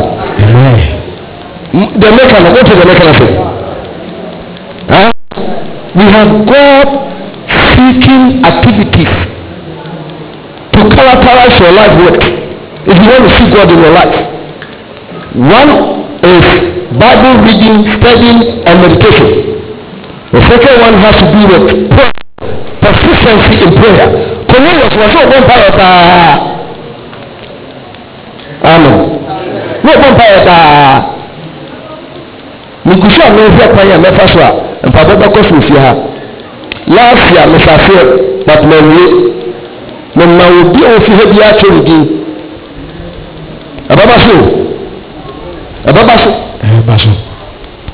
deɛ mɛka no wote deɛ mɛka no sɛ we have god seeking activities to characterize your life work if you want to see God in your life. One is Bible reading, studying, and meditation. The second one has to do with prayer, persistency in prayer. Cornelius was not one power taa. Amen. No one power taa. Nkusu a mmefi akwan a mmefa so a mpaboa bɛkɔ so ofie ha. Laafi a mesafe but mɛwie. Mɛma obi a ofi ha bi akyɛ ne din ɛbɛ ba so ɛbɛ ba so ɛbɛ ba so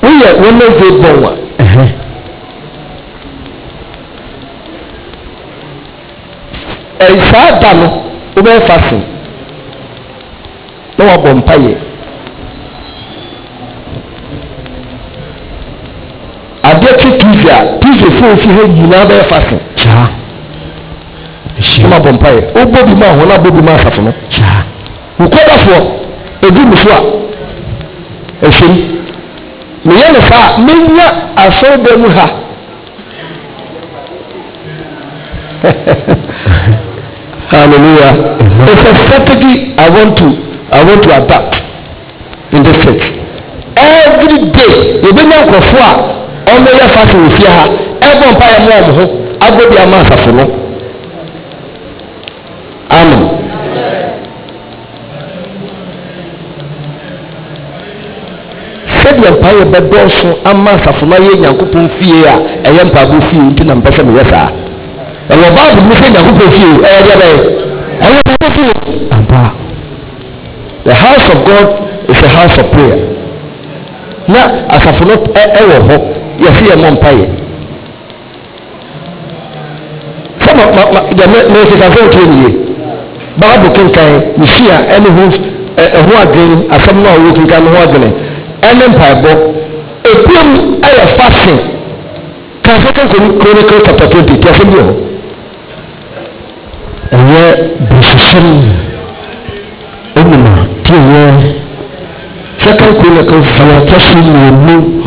woyɛ wɔnɛdze bɔn wa ɛyi saa da no wobɛyɛ fasin na wabɔ mpa yɛ adeɛ ti tuesday a tuesday fún òfin ha nyinaa bɛyɛ fasin na wabɔ mpa yɛ wobɔ bi mu ahɔn na bɔ bi mu asafo no wokɔdɔfoɔ ɛdi mu so a ɛhwɛm meyɛ no saa a menya asɔreda mu ha hallelujah it's a strategy i want to i want to adapt in this church every day yɛbɛnya nkurɔfoɔ a ɔmɛyɛ fashion wɔ ha ɛbɔ mpa yɛ mmoa ɔmo ho agɔbi ama asafo no yɛ mpaeɛ bɛdɔɔso ama asafomma yɛ nyankopɔn fie a ɛyɛ mpaabɔ fie nti na mpɛ sɛ meyɛ saa ɛwɔ bible mu sɛ nyankopɔn fie ɛyɛ deɛ bɛyɛ ɛyɛ mpaabɔ fie ampa the house of god is a house of prayer na asafo e, no ɛwɔ hɔ yɛsi yɛ mɔ mpaeɛ sɛ ma ma ma deɛ me me sikasɛ ntuo nie bible kenkan ne hyia ɛne ho ɛho adwene asɛm no a wɔwɔ kenkan ne ho adwene ɛne mpaebɔ ebiom ɛyɛ fasin kansa kansa mu chronicle chapter twenty ti ɛfɛ bi wɔ hɔ ɛyɛ bɛsisɛm ɛnuma ti ɛyɛ second chronicle valentasi mmienu.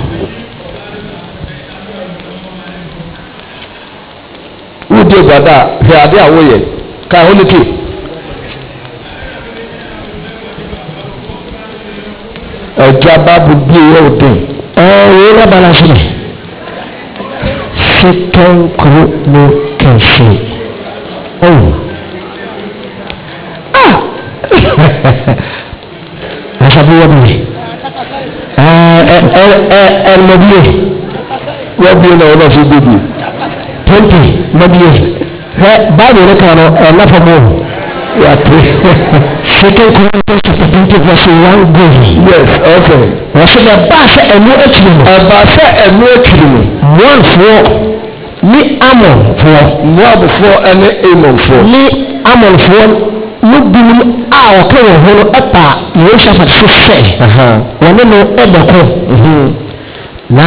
wodi aguada a hwɛ ade a woyɛ kaa ho ne pie ẹja bábu e ah! bí ewé òde ẹ ewé lábala sílẹ̀ sítẹńkúrú ló kẹsì ọhún ah asabi wọbi ẹ ẹ ẹ ẹ lọbiye wọbi e náà wọn bá fi gbèbí twenty lọbiye ẹ báyìí rẹ kàn án ẹ lọfọmọ wà pé. Second Corinthians chapter twenty verse one go. Yes, okay. Wọ́n sọ bá a sẹ ẹnu ekiri mu. Ẹ̀bà sẹ ẹnu ekiri mu. Mọ́ọ̀fọ́ ní Amọ̀fọ́. Mọ́ọ̀fọ́ ẹni Amọ̀fọ́. Ní Amọ̀fọ́ ní binom a ọ̀kẹ́ wọ̀ hó no ẹ̀pa Yehoshaphat sísẹ̀. Wọ́n nínú ẹ̀dẹ̀kọ́ na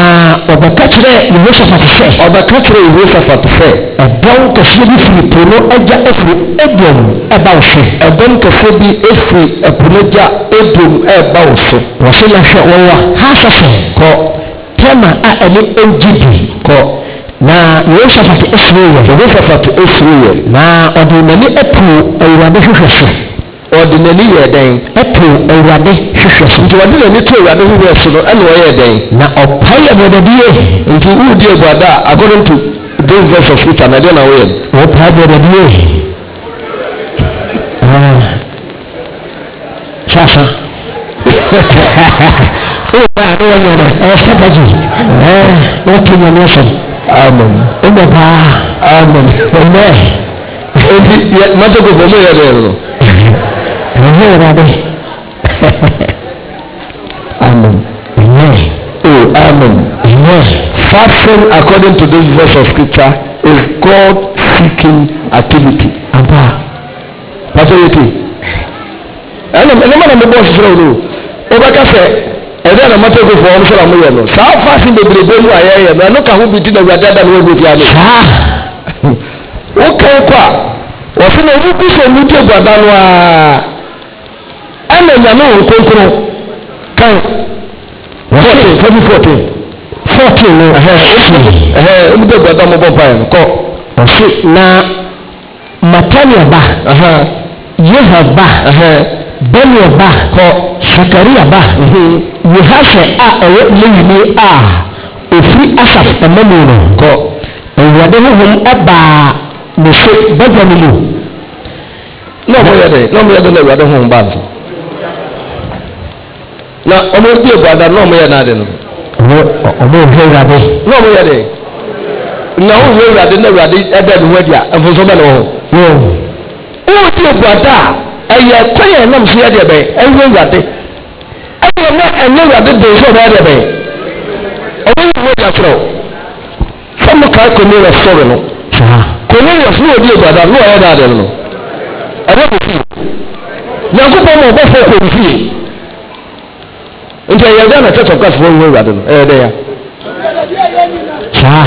ɔbɛka kyerɛ yehosafat sɛ ɔbɛka kyerɛ yehosafat sɛ ɛdɔm kɛseɛ bi firi po no agya afiri edom ɛba wo so ɛdɔm kɛseɛ bi afiri ɛpo no agya edom ɛba wo so wɔse na hwɛ wɔwɔ hasasen kɔ tema a ɛne engidi kɔ na yehosafat afiri yɛ yehosafat afiri yɛ na ɔde n'ani apu awurade hwehwɛ so ɔde n'ani yɛ dɛn. ɛto awurade hwehwɛ so. nti wɔde n'ani to awurade hwehwɛ so no ɛna ɔyɛ dɛn. na ɔpae abɔdadie. nti wudi ebuada a according to this verse of scripture na deɛ na wɔyɛ. ɔpae abɔdadie. sasa. o ba ne yɛ nyɛ dɛ ɛyɛ sɛbɛji ɛɛ n'o ti nyɛ ne fɛ. amen. o bɛ paa. amen. o bɛ. eti yɛ mɛtɛ ko fɔ mo yɛ dɛ yɛrɛ hera deh amen amen oh amen amen fasting according to this verse of scripture is God seeking activity apa pastor yeti ẹnna ẹnna na mo bọ ọsísọ ọhún o ọba kásẹ ẹdẹ na mọtò ẹgbẹ fún ọmọ sọlá mo yẹ no saa fasting bebrebe mu ayẹ yẹ mẹ ẹnu ka ho bi di na wíwájú adá ni wọn gbé bi àná. wọ́n kẹ́ ẹ kọ́ a wọ́n na ewu bí sọ ní ojú ẹ̀gbọ́n adá nù aa ɛna nyame wo nkonkron kan fourteen fobi fourteen fourteen no ɛnibɛ gba da mobɔ mpaeɛ no kɔ ɔse na matania ba yeha ba bɛnia ba kɔ sakaria ba mhm. yehasɛ a ɛyɛ lewini a ofiri asaf ɛmamu no kɔ awurade honhom ɛbaa ne so bɛgya no mu na ɔmyɛ dɛ na ɔmyɛ dɛ na awurade honhom baa no na ọmọ ebi egu ada na ọmọ yɛ n'adi no. ọmọ ebi ewurade. na ọmọ yɛ de na ọmọ ebi ewurade na ewurade ɛda ne ho adi a nfunso bɛ na ɔho. ọmọ ebi egu ada a ɛyɛ kwan yɛ nam so yɛ deɛ bɛyɛ ɛwura ewurade ɛyɛ na ɛna ewurade de nso ɔbɛyɛ deɛ bɛyɛ ɔmọ ebi ewurade afrɛ o fɔmu kaa kɔmi yɛ fún obi egu ada na ɔyɛ n'adi no ɛbɛ kò fie nyankopɔn ma ɔbɛfɔ kò nti ɛyɛ ghana church of christ wɔn wɔwura do no ɛyɛ dɛ ya. saa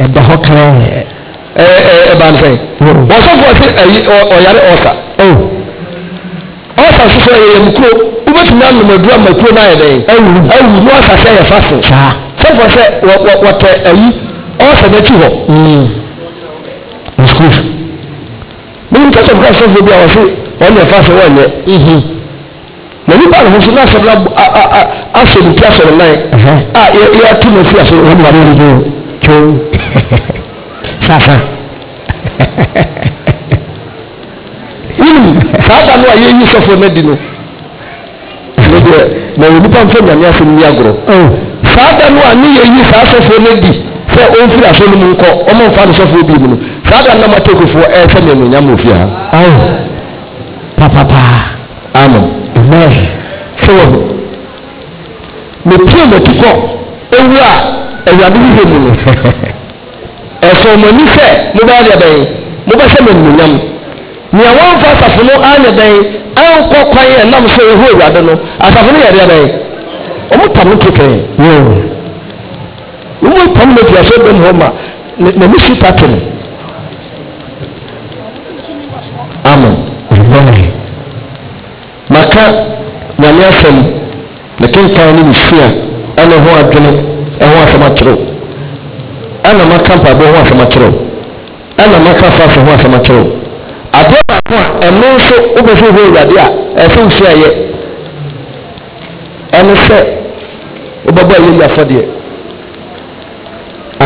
ɛda hɔ kan yɛ. ɛɛ ɛɛ ɛba nsɛ wɔsɔfo ɔsi ɛyi ɔyare ɔsa ɔsa soso ɛyɛ mukuro wubɛtumi anum adura ma kuro n'ayɛ dɛ ɛwuru ɛwuru n'ɔsa sɛ yɛ fasin saa sɔfo sɛ wɔ wɔ wɔtɛ ɛyi ɔsa n'akyi hɔ. nsukuuf. mi n church of christ sɔfo bi a wɔsi wɔn yɛ fasin wɔn yɛ nani ba alhoso na asɛm na asɛ ne ti asɛ ne nan a yɛato no fi asɛ wɔn wɔn ne bio twom sasa yinim saa da no a yɛyi sɔfoɔ no adi no ne deɛ na wɔ nipa mfɛ nyame asɛm ni agorɔ saa da no a ne yɛyi saa sɔfoɔ no adi sɛ ɔmfiri asɛ no mu nkɔ ɔmamfa no sɔfoɔ bi mu no saa da no na matakofoɔ ɛɛsɛ mmianuonyam wɔ fie ha papapaa amen wallahi hwɛ wɔ me pie m'ati kɔ ewu a awurade hihɛ mu no ɛsɔn mo ani sɛ mo bɛ yɛ bɛn mo bɛ sɛ mo nnunyam nea wɔnfa asafo no anyɛ bɛn ankɔ kwan yɛ nam sɛ ehu awurade no asafo no yɛ deɛ bɛn ɔmo tam no kekɛ wɔn mo tam no kekɛ so bɛ mu hɔ ma na mi si ta to nyame asɛm ne kenkan ne ne fia ɛne ho adwene ɛho asɛm akyerɛw ɛna maka mpaboa ho asɛm akyerɛw ɛna maka faase ho asɛm akyerɛw adeɛ baako a ɛno nso wopɛ sɛ wobɛ awurade a ɛsɛ nso ayɛ ɛne sɛ wobɛbɔ ayɛ yi afɔdeɛ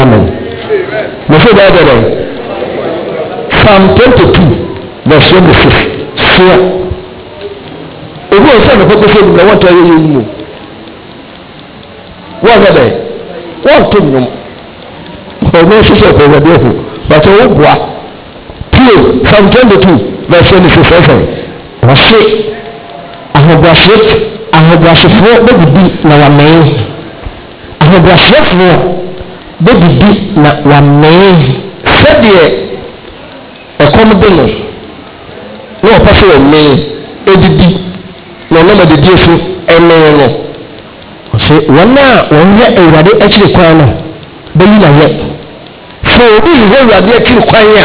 amen mɛsɛ bɛɛ dɛ dɛn psalm 22 verse 26 sia ɔbɛkɔsɛ mu na wɔntɔ yɛ yɛ mu wɔnhwɛ dɛ wɔnto nnwom ɔno hyehyɛ pɛwɛdeɛ ho bàtɛ wo boa pie psalm twenty two verse twenty six ɛfɛ wɔhye ahobrahye ahobrahyefoɔ bɛdidi na wɔmɛn ahobrahyefoɔ bɛdidi na wɔmɛn sɛdeɛ ɛkɔm de no na wɔpɛ sɛ wɔmɛn ɛdidi na ɔnam adidiefu ɛnɛɛ no ɔsɛ wɔn a wɔnyɛ awurade akyiri kwan no bɛyi na yɛ sɛ obi yɛ awurade akyiri kwan a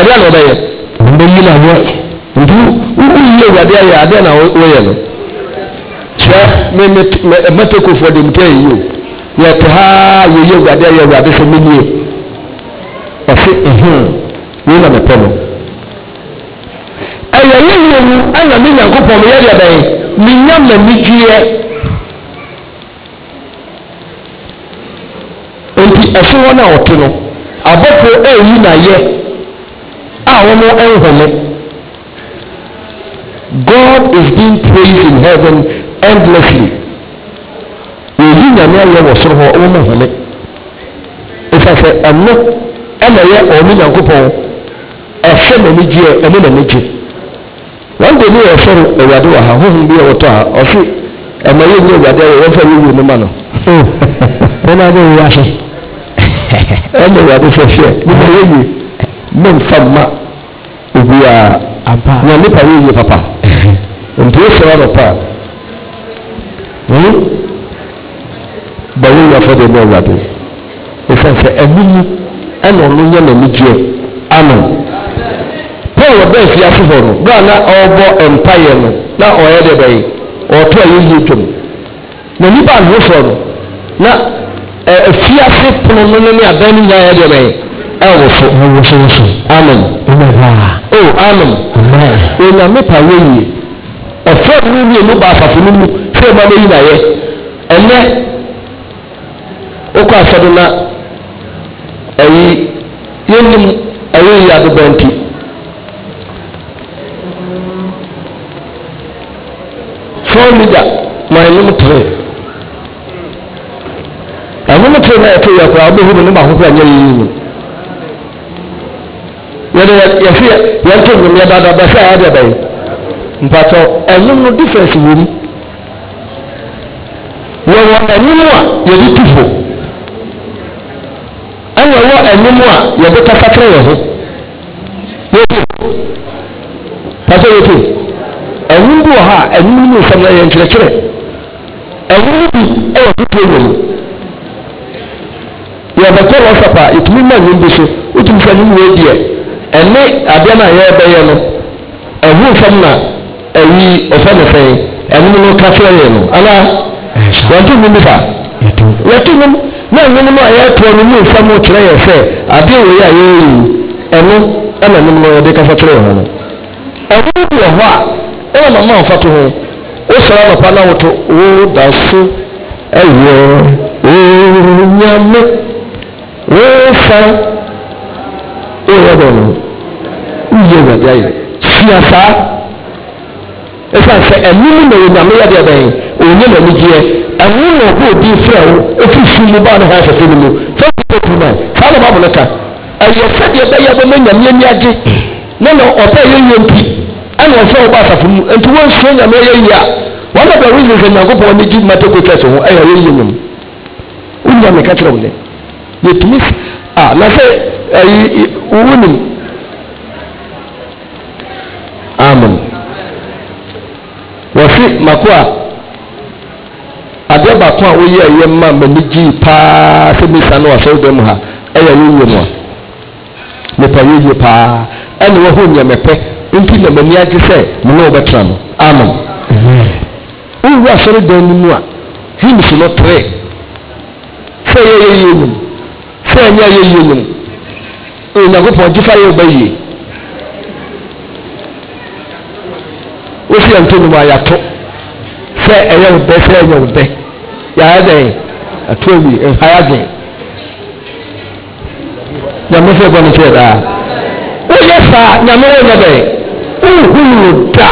ɛdeɛ na ɔbɛyɛ bɛyi na yɛ nti wowu yɛ awurade ayɛ adeɛ na wɔyɛ no kyerɛ me me me mɛtɛkofoɔ de mu tɛ yie o yɛte ha yɛyɛ awurade ayɛ awurade sɛ mennie ɔsɛ ɛhɛn wɔn na mɛpɛ no yie mu ɛna me nyankopɔn meyɛ deɛ bɛyɛ menya m'anigyeɛ nti ɛso hɔ no a ɔte no abɔfo ɛyi n'ayɛ a wɔn ɛnhome god is being praised in heaven endlessly èyí nyame ayɛ wɔ soro hɔ wɔn ɛnhome efasɛ ɛno ɛna yɛ ɔmo nyankopɔn ɛhyɛ n'anigyeɛ ɛmo n'anigyeɛ wɔn deɛ bi wɔ fɛn awurade wɔ ha huhu bi wɔtɔ ha ɔfi ɛmɛ yɛ nyɛ awurade ayɛ wɔn fɛn yi wu ne ma no. Oh. wɔn adé wɔ ase. ɛnna awurade fɛ fɛ nipa yɛ yi ne nfa ma obiara na nipa yɛ yi papa nti esi wɔn pa bɛyɛ yɛ fɛ de ne awurade efɛn fɛ ɛnum ɛna ɔno yɛ n'ani gyeɛ amen wɔbɛɛ fiase hɔ no ghana ɔrebɔ mpaeɛ no na ɔyɛ dɛ bɛyɛ ɔɔto a yɛyie dwom na nnipa ahofoɔ no na afiase pono no ne adan no nyinaa yɛ dɛ bɛyɛ ɛwoso ɛwosowoso amen o oh, amen onyame pa wɔyie ɔfrɛ no wie no ba asafo no mu sɛ ma no yinayɛ ɛnɛ wokɔ asɛ do na ɛyi yɛnim ɛyɛ yi adobɔ nti leader na ɛnum tere ɛnum tere na ɛte yɛ koraa ɔbɛhu ne ba ahosuo a nyɛ yie mu yɛde yɛhwe yɛnto nnwom yɛ dada bɛhwɛ a yɛde bɛyɛ mpatɔ ɛnum no difference wɔ mu wɔwɔ ɛnum a yɛde tu fo ɛna ɛwɔ ɛnum a yɛde kasa kyerɛ yɛ ho yɛtu pɛsɛ yɛtu ɛnum bi wɔ ha a ɛnum no mu nsɛm yɛ nkyerɛkyerɛ ɛnum no bi ɛwɔ fufuo wɔ mu yɛbɛkɔ whatsapp a yɛtumi ma nnwom bi so wotumi sɛ nnwom wei deɛ ɛne adeɛ no a yɛrebɛyɛ no ɛho nsɛm na ɛyi ɔfɛ ne sɛn ɛnum no ka kyerɛ yɛn no anaa yɛnto nnwom bi fa yɛto nnwom na nnwom no a yɛretoɔ no mu nsɛm kyerɛ yɛn sɛ adeɛ wei a yɛreyi ɛno ɛna nnwom no yɛde kasa kyerɛ yɛn no ɛho bi wɔ hɔ a ɛna mama nfa to ho wosara anɔpa na woto woda so ɛyɛ onyame wofa woyɛ bɔ no woyɛ awurade ayɛ fia saa ɛsiane sɛ ɛnum na onyame yɛ deɛ bɛn onye na anigyeɛ ɛho na ɔkɔ obi fira wo ɛfiri fi mu baa ne ho afɛfɛ no mu fɛ wo tu ma saa na ɔma mo no ka ɛyɛ sɛdeɛ bɛyɛ bɛma nyame ani agye na na ɔbɛyɛ yɛ mpi ɛna ɔsɛ ɔba asafo mu nti wɔnsuro nyame ɛyɛ yie a wɔn abɛ reason sɛ nyankopɔn ne gye matoko kɛse ho ɛyɛ ɛyɛ yie nyam wonya meka kyerɛ wo dɛ yɛtumi a na sɛ ɛyi eh, wonim amen wɔse mako a adeɛ baako a woyɛ ɛyɛ ma m'ani gyee paa sɛ mesa no wasɔre dɛm ha ɛyɛ ɛyɛ yie mu a nipa yɛ yie paa ɛna wɔho nyɛmɛpɛ nti na m'ani agye sɛ mo na wɔbɛtena no amen wowu asɔredan no mu a hymns no tere sɛ ɛyɛ yɛyie wom sɛ ɛnyɛ yɛyie wom onyankopɔn gyefa yɛ ɔba yie wosi yɛn ntonom a yɛato sɛ ɛyɛ wo dɛ sɛ ɛnyɛ wo dɛ yɛayɛ dɛn ato awie ɛnhae adwen nyame sɛ bɔ no kyerɛ daa woyɛ saa nyame wo dɛn nhunu da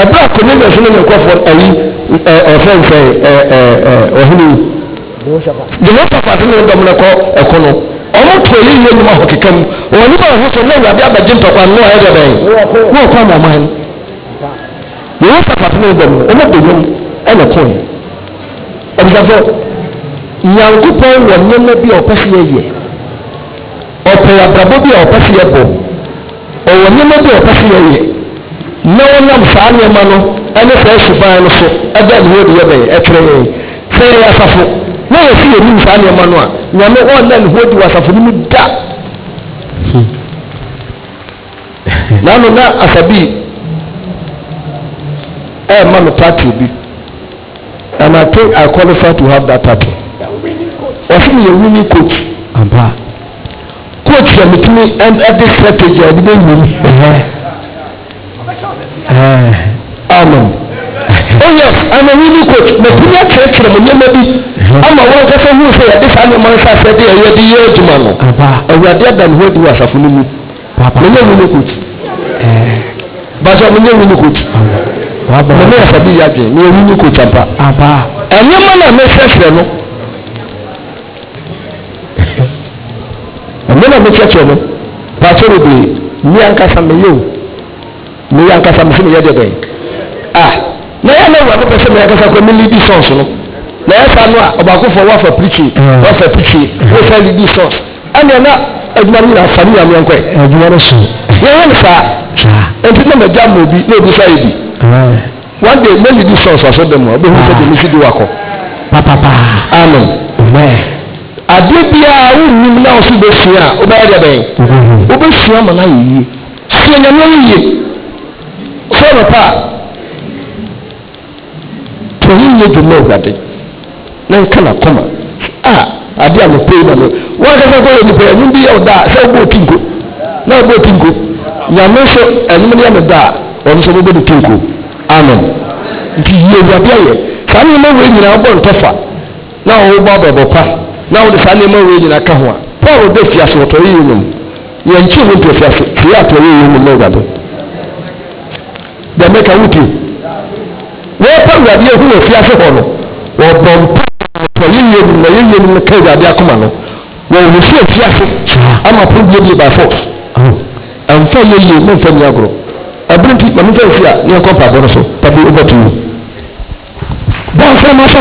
ɛbɛrɛ kɔmi bɛ sini nyɛ kɔfɔ ayi ɛ ɛ fɛn fɛn ɛ ɛ ɛ ɔhunu jɔnmɔ papa ti n'o dɔmina kɔ ɛkɔnɔ ɔmo tó yi yé numu ahɔ kika mu wɔn nipa ɔho sɛ n'o yàgbé abɛgye ntɔkwa n'o ayɛ dɛbɛn n'o kɔ ama ɔman jɔnmɔ papa ti n'o dɔmina ɔmo do yom ɛna kɔn yi ɛbisafo nyankopɔn wɔ nneɛma bi a ɔpɛ si yɛ yɛ ɔpɛ abrabɔ bi a ɔpɛ si yɛ bɔ ɔwɔ nneɛma bi a ɔpɛ sɛ yɛyɛ na wɔnam saa nneɛma no ɛne saa suban no so ɛda ne hɔ de yɛbɛyɛ ɛtwerɛ yɛn sɛ yɛyɛ asafo na yɛsi yɛ nim saa nneɛma no a nyame ɔnna ne hɔ di wɔ asafo no mu da nanu na asabi ɛɛma no tattoo bi and i think i qualify to have that tattoo ɔsi mi yɛ winning coach approach yɛ mitumi ɛde strategy ɛde bɛ wum. amen. oh yes i'm a winning coach mɛtumi akyerɛkyerɛ mu nneɛma bi ama wɔn nkasa hu sɛ yɛde saa nneɛma nsa sɛ de ɛyɛ de yɛ adwuma no awurade ada ne ho adi wɔ asafo no mu mɛnyɛ winning coach bàtà mɛnyɛ winning coach mɛnyɛ asabi yɛ adwene mɛnyɛ winning coach ampa ɛnneɛma na mɛhyɛhyɛ no. nneɛma a mekyerɛkyerɛ no paakyɛ bebree me ankasa meyɛ o me ankasa me sɛ meyɛ deɛ bɛn a na yɛ eh. eh. e eh, e ne wura no pɛ sɛ me ankasa kɔ me lidi sons no na yɛ saa no a ɔbaakofoɔ wafa pirikyi wafa pirikyi wofa lidi sons ɛnneɛ na adwuma no nyinaa fa ne nyame nkɔɛ adwuma no so yɛyɛ no saa nti na magya ma obi na obi sa yɛ bi one day mɛ lidi sons aso dɛ mu a wobɛhu sɛ de me ah. si di wakɔ papapa amen amen adeɛ biara a wonnim na ɔso bɛsua a wobɛyɛ dɛ bɛn mhm. wobɛsua ma no ayɛ yie sua nyame no yie sɛ nɔpa a tɔhi nyɛ dwuma awurade na nka nakɔma a adeɛ a mepɛi ma no woankasa kɔyɛ nipa ɛnom bi yɛ wo da a sɛ wobɔɔ tinko na wobɔɔ tinko nyame nso ɛnom ne yɛ me da a ɔno nso wobɛ de tinko amen nti yie awurade ayɛ saa nneɛma wei nyinaa wobɔ ntɔfa na wɔwobɔ abɛbɔ pa na wode saa nneɛma wei nyina ka ho a paul bɛ fiase wɔtɔre yie nom yɛnkye ho mpɛ fiase fie atɔre yie nom na awurade dɛmɛ ka wotie wɔpa awurade ahu wɔ fiase hɔ no wɔbɔ mpa atɔre yie nom na yɛyie nom ka awurade akoma no wɔwɔ fie fiase ama po bie bie by force ɛmfa yɛyie memfa nni agorɔ ɛbere nti mamemfa mfie a ne ɛnkɔ mpabɔ no so pabi wobɛto yi bɔnsɛ ma hyɛ